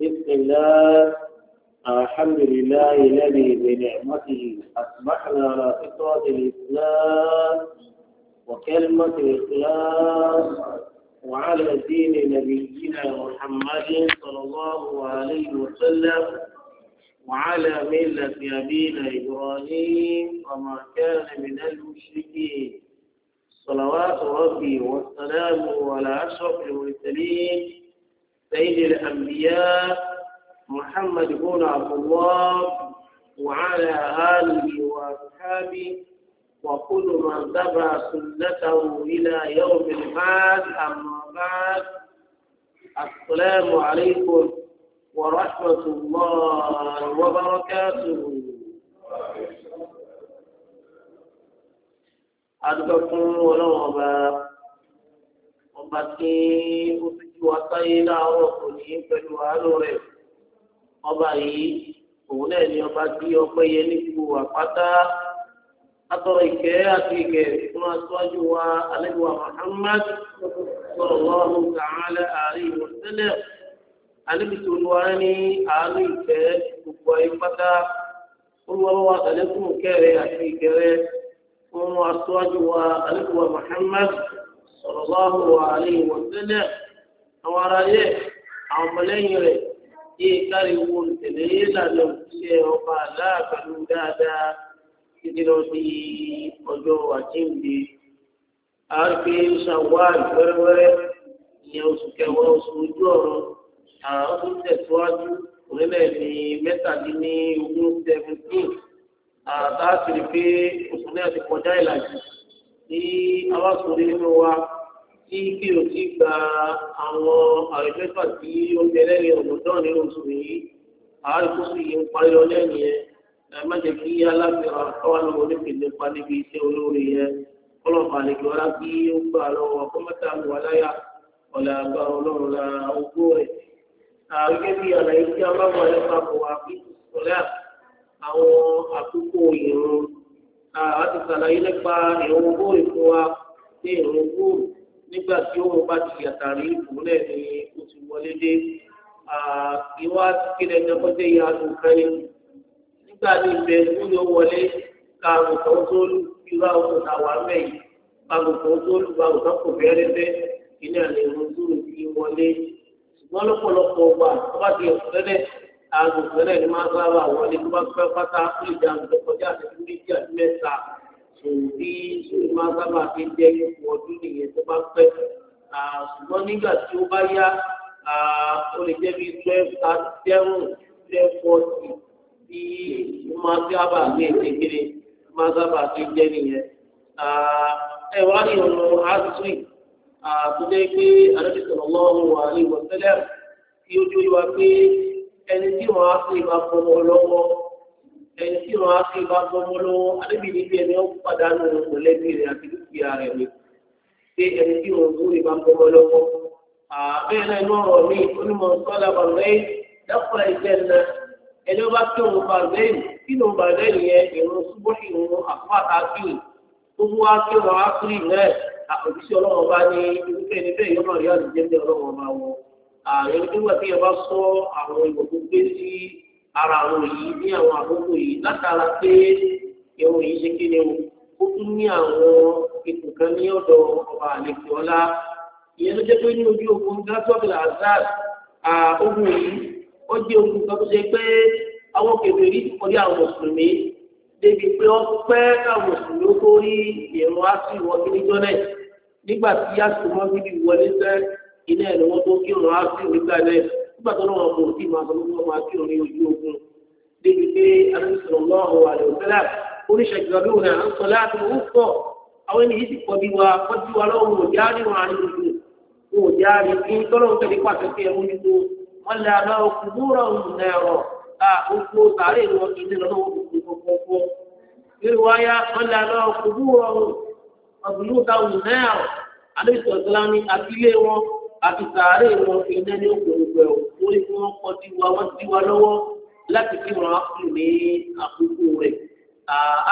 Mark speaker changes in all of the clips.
Speaker 1: بسم الله الحمد لله الذي بنعمته أصبحنا على فطرة الإسلام وكلمة الإخلاص وعلى دين نبينا محمد صلى الله عليه وسلم وعلى ملة أبينا إبراهيم وما كان من المشركين صلوات ربي والسلام على أشرف المرسلين سيد الأنبياء محمد بن عبد الله وعلى آله وأصحابه وكل من تبع سنته إلى يوم البعث أما بعد السلام عليكم ورحمة الله وبركاته أدعوكم ولو أبا أبا wá sáyé láàárọ̀ kò ní í pẹ̀lú àánú rẹ̀ ọba yìí òun náà ni ọba tí ọpẹ́ yẹ ní gbogbo àpáta atọrọ ìkẹ́ àti ìkẹ́ fún aṣáájú wa alẹ́gbẹ̀wá Muhammad sallallahu ta'ala alaihi wa sallam alẹ́bìtì olúwa ní àánú ìkẹ́ gbogbo ayé pátá olúwalọ́wọ́ àtàlẹ́kùn kẹrẹ àti ìkẹrẹ fún aṣáájú wa alẹ́gbẹ̀wá Muhammad sallallahu alaihi wa sallam àwọn ará yẹ àwọn ọmọlẹ́yìn rẹ̀ yìí kárí wo tẹ̀lé ìlànà ìṣe ọba aláàbẹ̀lú dáadáa títí lọ sí ọjọ́ àjíǹde. àáké ṣàwárí wẹ́rẹ́wẹ́rẹ́ ìyẹn oṣù kẹwàá oṣù ojú ọ̀rọ̀ àwọn tó tẹ̀síwájú òrìlẹ̀ ní mẹ́tàdínlógún seventeen àtàkìrì pé oṣù náà ti kọjá ìlàjì ní aláṣọ orí nínú wa tí kí o ti gba àwọn àrẹ̀fẹ́fà tí ó jẹ lẹ́yìn ọ̀gbọ̀dọ́ nínú oṣù yìí àárẹ̀kú sì yìí ń parí ọ lẹ́yìn yẹn ẹ̀ má jẹ́ kí alágbèrè àtọ́wà ní mo nípe nípa níbi iṣẹ́ olóore yẹn kọ́lọ̀fà lè jọ kí ó gbà lọ́wọ́ kọ́mẹ́tà mi wà láyà ọ̀là àgbà ọlọ́run la ogó rẹ̀. àgẹ́gẹ́ bí àlàyé tí a bá wà nípa kò wá bí sọ̀lá àwọn àkókò ìrun àti sàlàyé nípa ìrun ogó ìfún wa ní ìrun ogó rẹ̀ nígbà tí ó bá ti yàtàrí ìkúnlẹ̀ ni ó ti wọlé dé ìwà kílẹ̀ ẹ̀dẹ́gbọ́dé ya ló kẹ́lẹ́ nígbà tí ìbẹ̀ tó yọ wọlé ka àgùntàn tó lù irú àwọn àwa mẹ́yì àgùntàn tó lù àgùntàn kò bẹ́ẹ̀rẹ́ bẹ́ ilé àlẹ́ ìwọ̀n tó lù kí wọlé ṣùgbọ́n lọ́pọ̀lọpọ̀ wà tó bá ti ẹ̀fẹ́lẹ̀ àgùntàn rẹ̀ ni máa
Speaker 2: èyí
Speaker 1: sórí máa sábà fi jẹ́ ipò ọdún nìyẹn tó bá pẹ́ ṣùgbọ́n nígbà tí ó bá yá ó lè jẹ́ bí twelve thirty seven twelve forty tí ó máa sábà gbé kékeré máa sábà fi jẹ́ nìyẹn. ẹ wá ní ọ̀nà asiri tó jẹ́ pé àdébí sọ̀rọ̀ lọ́rùn wà ní ìwọ̀sẹ́lẹ̀ tí ó jó pé ẹni tí wọ́n á sì máa fọwọ́ lọ́wọ́ máa fi bá gbọmọ lọ́wọ́ àdébì níbi ẹni ó pàdánù mọ̀lẹ́bí rẹ̀ àti dúkìá rẹ̀ mi ṣé ẹni tí mo gbó ìbá gbọmọ lọ́wọ́ àbẹ́ẹ̀ náà inú ọ̀rọ̀ mi onímọ̀ sọ́lá bàbáyé dákúrà ìjẹ́ ńlá ẹni ó bá kí òun bàbáyé kí ló ń bàbáyé yẹn ìrún súbúrì ìrún àfọ́ àtàkì gbogbo wa kí wọn á kiri rẹ àpòtísí ọlọ́wọ́ bá ní irúfẹ́ ẹni bẹ́ẹ̀ yọmọ ìyá àdìjẹ́ ní ọlọ́wọ́ bá wọ ààrẹ nígbà tí ẹ bá sọ àwọn ìwọ̀n tó gbé sí ara àwọn yìí ní àwọn àkókò yìí látara pé ẹ̀wọ̀n yìí ṣe kí ni o ó tún ní àwọn ipò kan ní ọ̀dọ̀ ọba àlejò ọlá ìyẹn ló jẹ́ pé ní ojú ogun gásọ́bìlà azad ogun yìí ó jẹ́ ogun kan tó ṣe pé àwọn kèbèrè orí àwọn mùsùlùmí débi pé wọ́n pẹ́ káwọn mùsùlùmí ó tó rí ìrún ásì wọn níjọ́ náà nígbà tí yàtọ̀ mọ́ bíbí wọlé sẹ́ ilé ẹ̀ ni wọ́n tó kírun ásì nígbà náà nígbà tó lọ́wọ́ ọmọ òbí máa sọ wípé ọmọ akérò ní ojú ogun débi pé alùsọ̀rọ̀ lọ́wọ́ àlùfẹ́lá oníṣègùn ọdún náà ń sọ láti owó pọ̀ àwọn ènìyàn ti pọ̀ bí wa kọjú wa lọ́wọ́ òjì àríwọ̀n àríwọ̀n òjì àrí kí n tọ́lọ́ tẹ̀lé pàṣẹ pé ẹ̀mú ni mo wọ́n lé ní lọ́wọ́ wọ́n lé àná òkúrọ̀ ọ̀gbìnúta nẹ̀rọ̀ àdéhùn àti sàárè wọn kì í ní ní òkúrọ̀ wọ́n kọ́ dí wa wọ́n dí wa lọ́wọ́ láti fi wọn kù ní àkókò rẹ̀.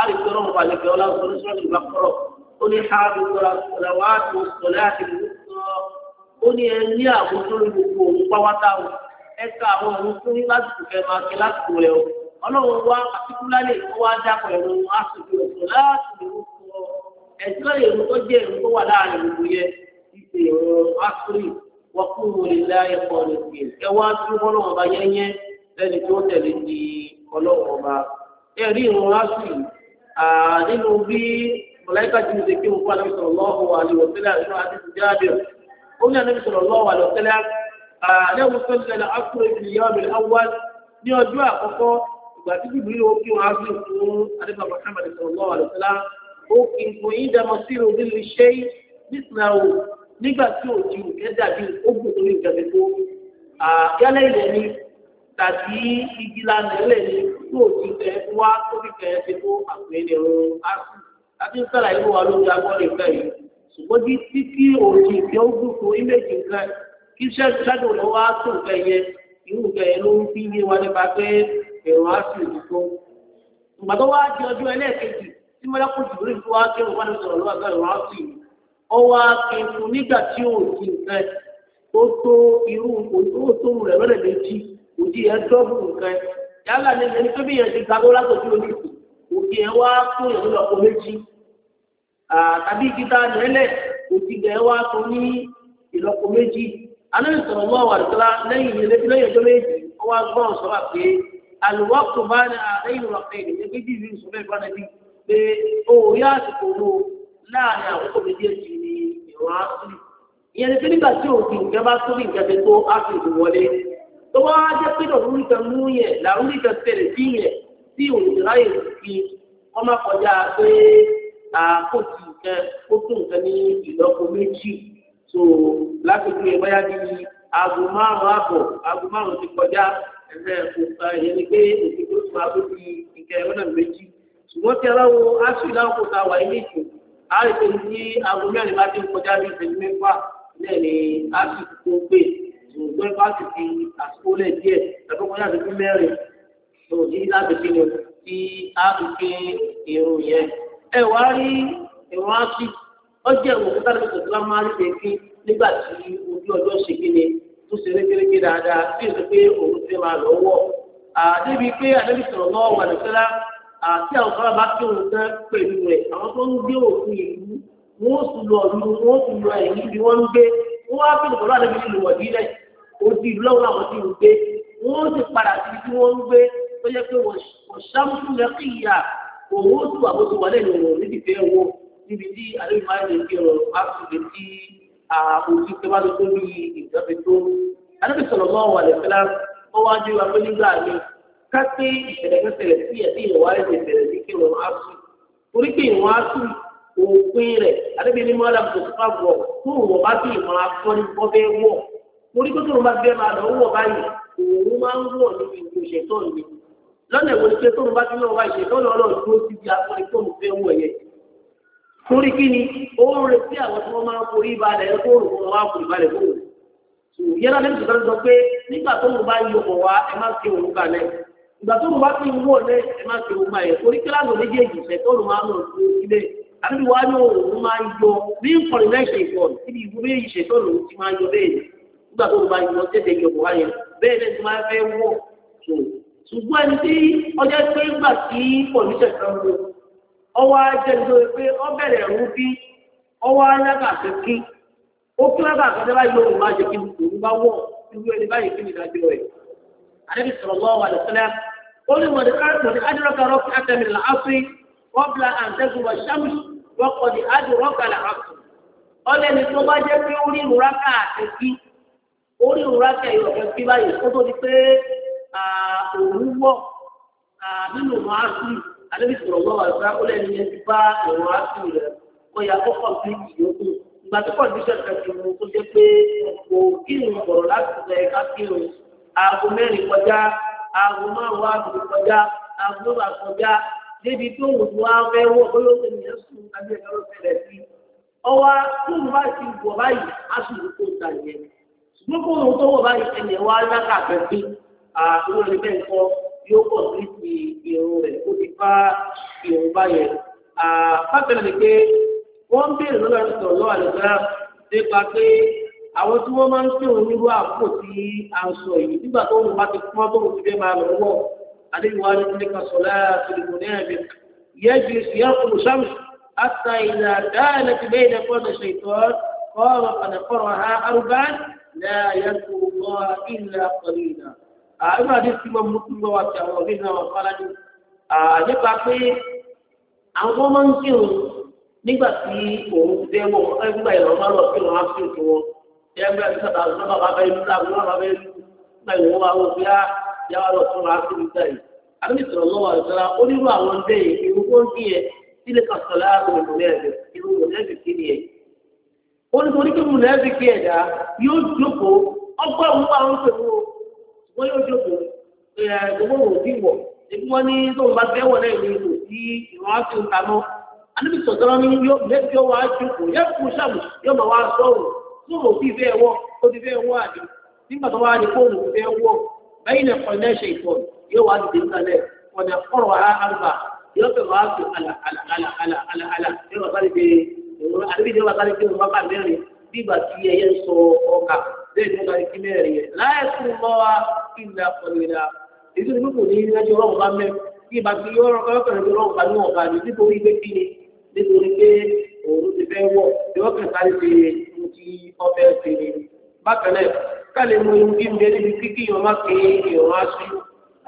Speaker 1: àríkọ́ náà wà lẹ́kẹ̀ọ́ láwùjọ ní sọ́ọ̀tì ìgbà kọ́rọ̀ ó ní ààbò sọ̀rọ̀ wá tó sọ̀lẹ́ àti ìlúkọ́ ó ní ẹ ní àkókò gbogbo òun pátá o ẹ ká àwọn òun fún ní lásìkò kẹ máa kẹ lásìkò rẹ o ọlọ́run wá àtikúlálẹ̀ ó wá dápọ̀ ẹ̀rọ àsìkò ọ̀sọ̀ láti ìlúkọ́ ẹ̀sìn lọ́yẹ̀ ìlú tó jẹ́ ìlú tó wà láàrin gbogbo yẹ ìṣèlú àkúrì wàkúrò lílá ẹkọ rẹ gbé ẹ wá tí ọlọ́run ọba yẹnyẹ lẹ́ni tó tẹ̀lé di ọlọ́run ọba ẹ rí irun lásì nínú bí mọlẹ́kà tí mo ṣe kí mo fún alábi sọ̀rọ̀ lọ́wọ́ àlewọ̀tẹ́lẹ̀ àti náà àti jáde ó ní alábi sọ̀rọ̀ lọ́wọ́ àlewọ̀tẹ́lẹ̀ àlẹ́wọ̀n sọ̀rọ̀ lẹ́la akúrò ìyáwó awá ní ọjọ́ àkọ́kọ́ ìgbà tí bíbí ó kí wọn á sì fún adébà Muhammad sọ̀rọ̀ lọ́wọ́ àlewọ̀tẹ́lẹ̀ ó kì í fún yín dàmọ́ nígbà tí òjì òkè dàbí ogun tó ní ìjọba tó yálẹ̀ ilẹ̀ ni tàbí igi lánà ilẹ̀ ni tó òjì tẹ wá tó fi kẹ̀ ẹ́ tó àpèlè ọ̀run áṣù láti sára ìlú wa lórí agbọ́n ìfẹ́ yìí ṣùgbọ́n bí títí òjì ìfẹ́ ogun tó ìmẹ̀jì nǹkan kí ṣáàdùn lọ wá tó nǹkan yẹn irú nǹkan yẹn ló ń fi yé wa nípa pé ẹ̀rọ áṣù ìdúgbò ìgbà tó wá di ọjọ́ ẹlẹ́ẹ̀kejì tí mọ́lá kò jù lórí ìfowópamọ́ ọwọ́ akẹ́kọ̀ọ́ nígbà tí ò ti nǹkan ó tó irú ó tó rẹ̀ lọ́dẹ̀ méjì òdì yẹn dọ́bù nǹkan yálà ní ẹni tó bí yẹn ti gbàgbọ́ látọ̀jú omi òdì yẹn wá tó yẹn lọ́pọ̀ méjì tàbí ìkíta nílẹ̀ òdì yẹn wá tó ní ìlọ́pọ̀ méjì anáyẹ sọ̀rọ̀ mọ́ àwọn àdúrà lẹ́yìn lẹ́yìn ọjọ́ méjì ó wá gbọ́ sọ́ra pé àlùwọ́pọ̀ bá ní àlẹ́yìn rọ̀pẹ́ méjì ìlú sọ́fẹ́ wá sí ìyẹn ni pé nígbà tí òfin nǹkan bá tó bí nǹkan ti tó áfíìsì wọlé tó bá jẹ́ pé lọ́rùn kan mú yẹn làrúrí kan tẹ̀lẹ̀ sí yẹn tí òyìnbó ráyè fi ọmọ kọjá pé àkóso nǹkan ó tún nǹkan ní ìlọ́po méjì so lákòókò yẹn báyà ní aago márùn-ún àbọ̀ aago márùn-ún ti kọjá ẹ̀fẹ̀ òkúta ìyẹn ni pé òfin tó tún aago ti nǹkan ẹ̀rọ náà méjì ṣùgbọ́n tí aláwo aṣọ ìlànà kò ta wà àìsè tí aago mẹ́rin bá ti ń kọjá ní ìṣẹ́jú mẹ́fà náà ni a sì kó gbé ṣùgbọ́n bá sì fi àsìkò lẹ̀ díẹ̀ tàbí kọjá ìṣẹ́jú mẹ́rin tó ní láti fi lọ sí àtúnṣe irun yẹn. ẹ wá rí ìrun áṣì ó jẹ́ ìwọ̀n tó tàbí tó tó máa ń ṣe kí nígbà tí ojú ọjọ́ ṣe kí ni tó ṣe rékéréké dáadáa tí èso pé òun ti máa lọ́wọ́ àdébí pé àdébí sọ̀rọ̀ náà wà àti àwọn kan bá kí òun tán pẹ̀lú rẹ̀ àwọn tó ń gbé òfin ìlú wọn ó sì lọ ìlú wọn ó sì lọ ẹ̀yìn ibi wọn ń gbé wọn á bẹ̀rẹ̀ pẹ̀lú àdébí ìlú wọ̀dí rẹ̀ odi ìlú lọ́wọ́ àwọn tí ń gbé wọn ó sì padà sí ibi tí wọ́n ń gbé tó yẹ pé ọ̀ṣámúsù rẹ̀ kì í yà òun ó sì wà bó ti wà lẹ́nu ọ̀rọ̀ níbi tẹ́ wo níbi tí àdébí máa ń gbé ọ̀rọ̀ àtúndé tí òfin tẹ́ bá tó tó bí ìjọba tó àdébí sọ̀rọ̀ mọ́ wà lẹ́fẹ́lá ọwọ́ adé wa pé nígbà míì kápé ìṣẹ̀lẹ̀kẹsẹ̀lẹ̀ sí ẹ̀sìn ìwà ẹ̀sìn ìṣẹ̀lẹ̀ sí kí wọn á sùn torí pé ìwọ̀n á sùn òpin rẹ̀ adébí ní mọ́lá kò tó bá wọ̀ tó wọ̀ bá bí ìmọ̀ra fọ́ ní bọ́ bẹ́ẹ̀ wọ̀ torí pé tó ló bá bẹ́ẹ̀ máa lọ wọ̀ báyìí òun máa ń wọ̀ níbi ìlú ìṣẹ̀tọ́ mi lọ́nà ìwọ̀n pé tó ló bá ti lọ́wọ́ bá ìṣẹ̀tọ́ tó ti di akọni tó ló fẹ́ wọ̀ yẹn torí kí ni ó ń ń forí balẹ̀ kó wá forí balẹ̀ kó rò yẹ́n ìgbà tó lù wá sí ìwú ọ̀lẹ́ ẹ má ṣe gbogbo àyẹ̀ torí kíláàsì méjèèjì ìfẹ́ tó lù wá lọ sí ilé àbí wàá ní òun máa ń yọ ní kọ̀lẹ́ṣẹ̀ ìfọ̀n síbi ìwú bí ìṣe tó lù ti máa ń yọ bẹ́ẹ̀ nígbà tó lù bá yọ tètè yọ bọ̀ wáyẹ bẹ́ẹ̀ lẹ́yìn tó máa fẹ́ wọ̀ tó ṣùgbọ́n ẹni tí ọjọ́ pé gbà tí kọ̀lẹ́ṣẹ̀ kan lọ ọwọ́ ajẹ́ ní lórí pé ọ bẹ̀rẹ̀ rú bí ọwọ́ alága kẹ́kí ó kí lága àkọ́jọ́ báyìí lóhùn máa jẹ́ kí òun bá wọ̀ irú ẹni báyìí kí nìdájọ́ rẹ̀. Adébísọ̀rọ̀ lọ́wọ́ àlùfẹ́lẹ́ قل من أدرك ركعة من العصر قبل أن تغرب الشمس وقد أدرك العصر قال ẹni tó bá jẹ́ pé orí ìrora káàkiri kí orí ìrora kẹyọ̀kẹ́ kí báyìí kó tó di pé òun wọ̀ nínú màásù alẹ́bí sọ̀rọ̀ lọ́wọ́ àgbà ó lẹ́ni yẹn ti bá ìrora sí rẹ̀ kó ya kó kàn sí ìyókù ìgbà tó kàn díṣẹ́ mu kó jẹ́ pé kò kí ìrùn bọ̀rọ̀ láti rẹ̀ ká kí aago mẹ́rin kọjá aago márùn wá àbùkù kọjá aago mẹ́wàá kọjá débi tó wù wá fẹ́ wọ̀ bóyá ó ti nìyẹn sùn àbí ẹ̀ka ló fẹ́rẹ̀ sí i. ọwọ́ tó ń bá ti wọ̀ báyìí á sì ló tó ta yẹn. ṣùgbọ́n kó òun tó wọ̀ báyìí ẹnì wá yáka àbẹ̀fín àwọn olùkẹ́ nǹkan yóò pọ̀ sí ti ìrùn rẹ̀ ó ti bá ìrùn báyẹn. bákan ni pé wọ́n ń béèrè lọ́wọ́ àwọn tí wọ́n máa ń pè wọn nírú àpò tí a ń sọ yìí nígbà tó wọn bá ti pọ́n tó wọn ti fẹ́ máa lọ wọ̀ adéyíwá ní ilé kan sọ̀lá tìrìbù ní ẹ̀mí yẹ́jú ìyàkùn sámi àtà ìlà dáàlẹ̀ ti bẹ́ẹ̀ lẹ́kọ́ ọ̀nà ṣètò kọ́ọ̀rọ̀ kànàkọ́rọ̀ ha arúgbá láàyè tó wọ́ ilà pẹ̀lú ìlà. àìmọ̀ àdé tí mo mú kúrò wá sí àwọn òbí náà wà ẹgbẹ́ ìṣẹ̀dá lọ́nà bàbá ìlú láàbù lọ́nà bàbá ìlú náà ìwọ̀n wa wọ́n fi á yà wà lọ tún ra sí ìgbà yìí. àbí sọ̀rọ̀ lọ́wọ́ àìsàn onírú àwọn ọdẹ ìlú tó ń bí yẹ sílé kàṣọlá àwọn mọ̀lẹ́bí ìlú mọ̀lẹ́bí kí ni yẹ. ó ní torí kí mọ̀lẹ́bí kí ẹ̀dá yóò jókòó ọgbà òun wà ń pè wọ́n wọ́n yóò jókòó gbogbo wò sí wọ̀ ebi wọn ní tóun bá bẹ́ẹ̀ wọ̀ náà lóòrò bí bẹ́ẹ̀ wọ́ ó ti bẹ́ẹ̀ wọ́ àjò nígbà tó wá ní fóònù fẹ́ wọ́ bẹ́yìn náà kọ́ ilé ṣe ìtọ́ yóò wá dìde nílẹ̀ ọ̀nà ọ̀rọ̀ àrùbà yóò fẹ́ wá sí àlàálàálàálà yóò wá sáré pé àdébí yóò wá sáré pé wọ́n bá mẹ́rin bígbà tí ẹyẹ ń sọ ọkà bẹ́ẹ̀ ni wọ́n sáré kí mẹ́rin yẹn láyé fún mọ́ wa kí n lọ́ọ́ kọ́lẹ́dà èyí ni kò ní í lẹ́jọ́ ọlọ́run bá mẹ́ kí ìbá ti yọ ọ̀rọ̀ kọ́lọ́kọ̀ọ́ ọlọ́run bá ní ọ̀gá ni nítorí pé kí ni nítorí pé òun ti fẹ́ wọ̀ ìwọ́kẹ̀ sáré pé tí ọbẹ̀ ṣe ni. bákan náà káàlè mú inú bí mi níbi kíkí ìwọ̀n má pé ìwọ̀n á sí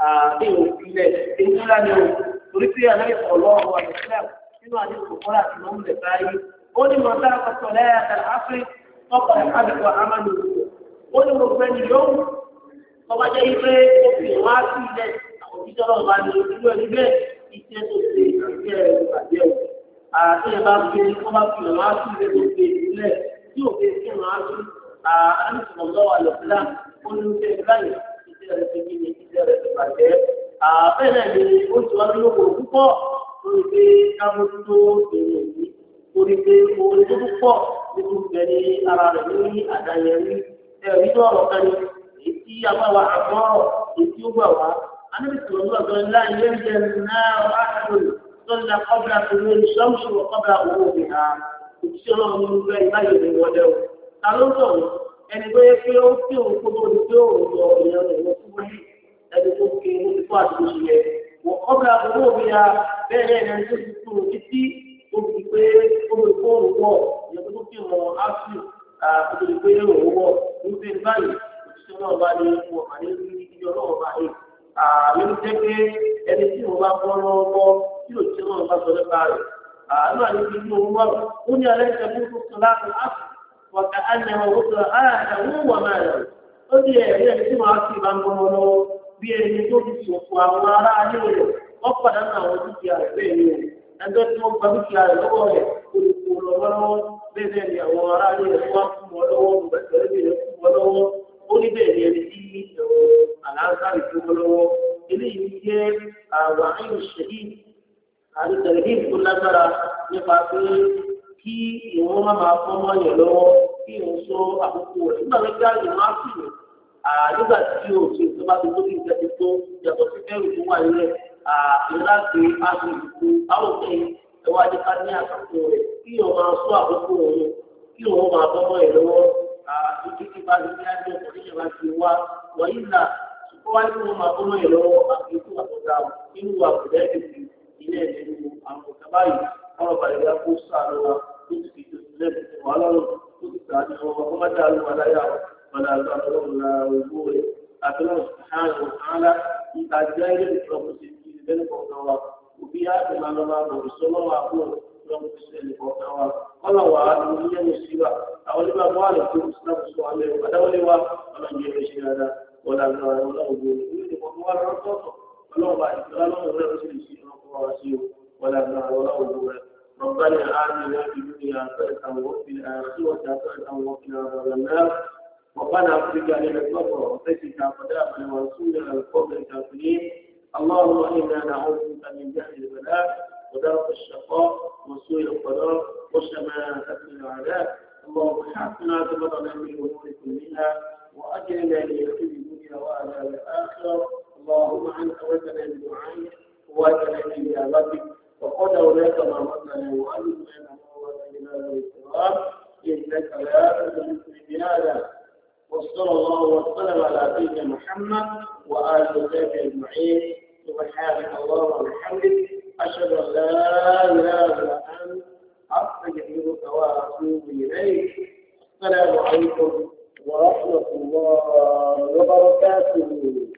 Speaker 1: àdéhùn ìpínlẹ̀ èyí ńlá ni o torí pé àlẹ́ ìfọ̀lọ́ ọ̀rọ̀ àdìsílẹ̀ nínú àdìsílẹ̀ kọ́ láti mọ́ múlẹ̀ báyìí ó ní mọ̀tá àkọsọ̀ lẹ́yà ọba jẹ́ ife òfin wá sí ilẹ̀ òjíjọ́ àánìsọ̀lọ́wọ́ àlọ́fíà olùkọ́ ìbáyìí iṣẹ́ rẹ̀ ti kí ni iṣẹ́ rẹ̀ ti bàjẹ́. àbẹ́rẹ́ ni ó ti wá lóko púpọ̀ lórí pé kámójútó èrè yìí lórí pé orin tó púpọ̀ nínú bẹ̀ ní ara rẹ̀ lórí àdáyẹrí ẹ̀rí tó ọ̀rọ̀ kan ni èyí tí agbára àgbọ̀ èyí tí ó gbà wá. àánìsọ̀lọ́wọ́ àgbọ̀nlá ilé ìjẹ صلى قبل طلوع الشمس وقبل غروبها. إن شاء الله من àlóńtò ẹni tó yẹ pé ó tí òun kó tó di pé òun lọ ìyẹn rẹ̀ wọ́n fún wáyé ẹni tó ké ní ìfọ́ àti ya bẹ́ẹ̀ ẹni tó ti fi pé ó lè kó òun wọ̀ ìyẹn tó fi mọ áṣù àti òun wọ̀ ní báyìí òṣìṣẹ́ náà bá ní wọ̀ náà bá ní. àmì ń jẹ́ pé ẹni tí mo bá bọ́ lọ́wọ́ tí òṣìṣẹ́ náà وكأنه وقع آله وماله أبي أبي أبي ما في بانكمونو بيرني توفي سوكوا وارا عليه ọ̀pọ̀ dáná àwọn dúkìá rẹ̀ bẹ́ẹ̀ ni ẹgbẹ́ tí wọ́n gba dúkìá rẹ̀ lọ́wọ́ rẹ̀ olùkó lọ́wọ́lọ́wọ́ bẹ́ẹ̀ bẹ́ẹ̀ ni àwọn ará ilé lágbára nípa pé kí ìwọ́n má máa fọ́ mọ́ yàn lọ́wọ́ kí ìwọ́n sọ àkókò rẹ̀ nígbà wípé àyè máa sì rẹ̀ nígbà tí o ṣe tó bá ti lórí ìjẹ́ ti tó yàtọ̀ sí bẹ́ẹ̀rù tó wà nílẹ̀ ìlà pé a ti ìlú àwòkẹ́ ẹwà ní ká ní àkókò rẹ̀ kí ìwọ́n máa sọ àkókò òun kí ìwọ́n máa fọ́ mọ́ yàn lọ́wọ́ ìdí ti bá ti dá ẹjọ́ kò ní ìjọba ti wá wọ́n yìí là ṣùgbọ́n wáyé wọn máa fọ́ mọ́ yàn lọ́wọ́ àfikún àkọ́dá nínú àkùdẹ́ ìlú ilé ìlú àwọn ọ̀gá báyìí ọ̀rọ̀ lẹ́sìn wàhálà lọ tó ti gbà ní ọmọ ọmọ dá ló wà láyà wọn là lọ àtọlọ ńlá owó rẹ àtọlọ àrùn àlá ìta jẹ ilé ìtọ́kùn sí ti ìdílé kọ̀ọ̀kan wa òbí yá àti màá lọ máa bọ̀ ìṣọlọ́wọ́ àbúrò ìtọ́kùn sí ẹnì kọ̀ọ̀kan wa kọ́lọ̀ wà á lórí yẹn ní síwá àwọn onímọ̀ àwọn àlejò ìsìlámù sọ alẹ́ ọ̀dáwọlé wa ọ̀nà ìjẹ́ rẹ̀ ṣe dáadáa wọ́n là lọ àwọn ọlọ́wọ́ òbí rẹ̀ ní ó sì lè ṣe ìrànlọ́wọ́ wa sí o wọ́n là lọ àwọn ọlọ́wọ́ òbí rẹ̀ الدنيا خيرا وفي الآخرة خيرا وقنا عذاب النار وقنا اغفرك عن الكفر وفتك قدامنا ورسولنا القوم الكافرين اللهم انا نعوذ بك من جهل البلاء ودرك الشقاء وسوء القضاء وشماتة الأعداء اللهم حسنا عاقبتنا من الأمور كلها وأجرنا ليقين الدنيا وعلى الآخرة اللهم أنت وزنا بدعائك وزنا بإجابتك وقد أولاك ما وزنا وأجرنا وصلى الله وسلم على سيدنا محمد وآل وصحبه أجمعين سبحانك اللهم وبحمدك أشهد أن لا إله إلا أنت أستغفرك وأتوب إليك السلام عليكم ورحمة الله وبركاته